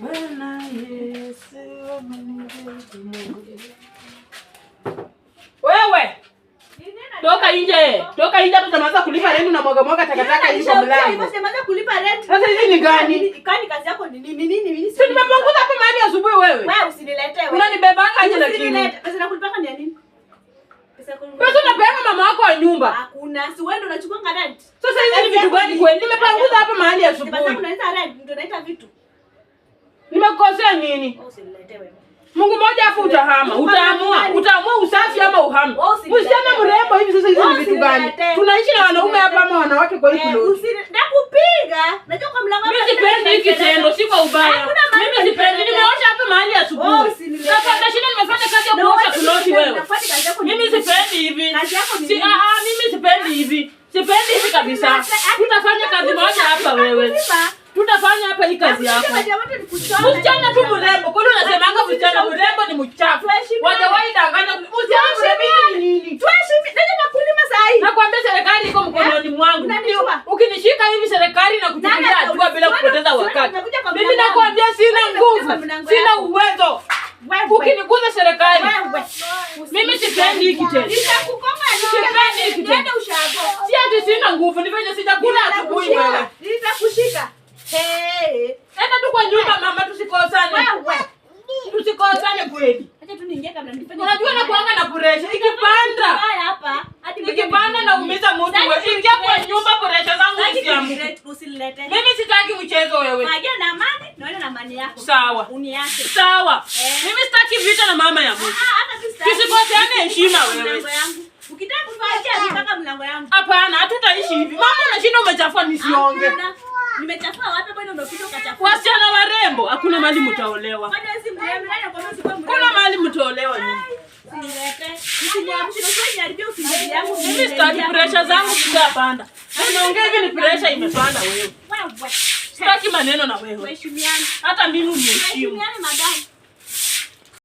Bwana Yesu wewe, toka nje, toka nje, hata kulipa rent na mwaga mwaga takataka hizo mlango. Sasa hivi ni yaani, gani? Kwani yaani kazi yako ni nini? Nini mimi nimepunguza hapo mahali asubuhi wewe. Wewe usinilete wewe. Unanibeba aje lakini? Pesa nakulipa ni nini? Pesa unapeana mama wako wa nyumba. Hakuna. Si wewe ndio unachukua rent. Sasa hivi ni vitu gani kweli? Nimepunguza hapo mahali asubuhi. Pesa unaleta rent ndio unaita vitu. Nimekukosea nini? Mungu mmoja afu utahama, utaamua, utaamua usafi ama uhamu. Usiseme mrembo hivi sasa hizi ni vitu gani? Tunaishi na wanaume hapa ama wanawake kwa hii kulo. Eh, nakupiga. Najua kwa mlango. Mimi sipendi hiki tendo, si kwa ubaya. Mimi sipendi. Nimeosha hapa mahali asubuhi. Sasa hata shida nimefanya kazi ya kuosha kuloti wewe. Mimi sipendi hivi. Si a a ah, ah, mimi sipendi hivi. Sipendi hivi kabisa. Utafanya kazi moja hapa wewe. Tutafanya hapa hii kazi yako. Msichana tu mrembo. Kwa nini unasemanga msichana mrembo ni mchafu? Watawaidanganya. Msichana mrembo ni nini? Tuheshimu. Nani nakulima saa hii? Nakwambia serikali iko mkononi eh? mwangu. Ukinishika hivi serikali inakuchukulia hatua bila kupoteza wakati. Mimi nakwambia sina nguvu, sina uwezo. Ukinikuza serikali. Mimi sipendi hiki tena. Sipendi hiki tena. Si ati sina nguvu, ni venye sitakula asubuhi wewe. Nitakushika. Enda tu kwa nyumba mama, tusikosane. Tusikosane kweli. Acha tu niingie kabla nifanye. Unajua na kuanga na pressure ikipanda. Hapa hadi ikipanda na umiza mtu wewe. Ingia kwa nyumba pressure zangu usiamke. Usilete. Mimi sitaki mchezo wewe. na amani, naona na amani yako. Sawa. Uniache. Sawa. Eh. Mimi sitaki vita na mama ya mtu. Ah, ah, tusikosane heshima wewe. Ukitaka mlango yangu. Hapana, hatutaishi hivi. Mama unashinda umechafua nisionge. Nimechafua wapi bwana umekuja ukachafua? Wasichana warembo, hakuna mali mtaolewa. Yaani Kuna mali mtaolewa nini? Mimi sitaki pressure zangu zikapanda. Unaongea hivi ni pressure imepanda wewe. Sitaki maneno na wewe. Hata mimi uniheshimu.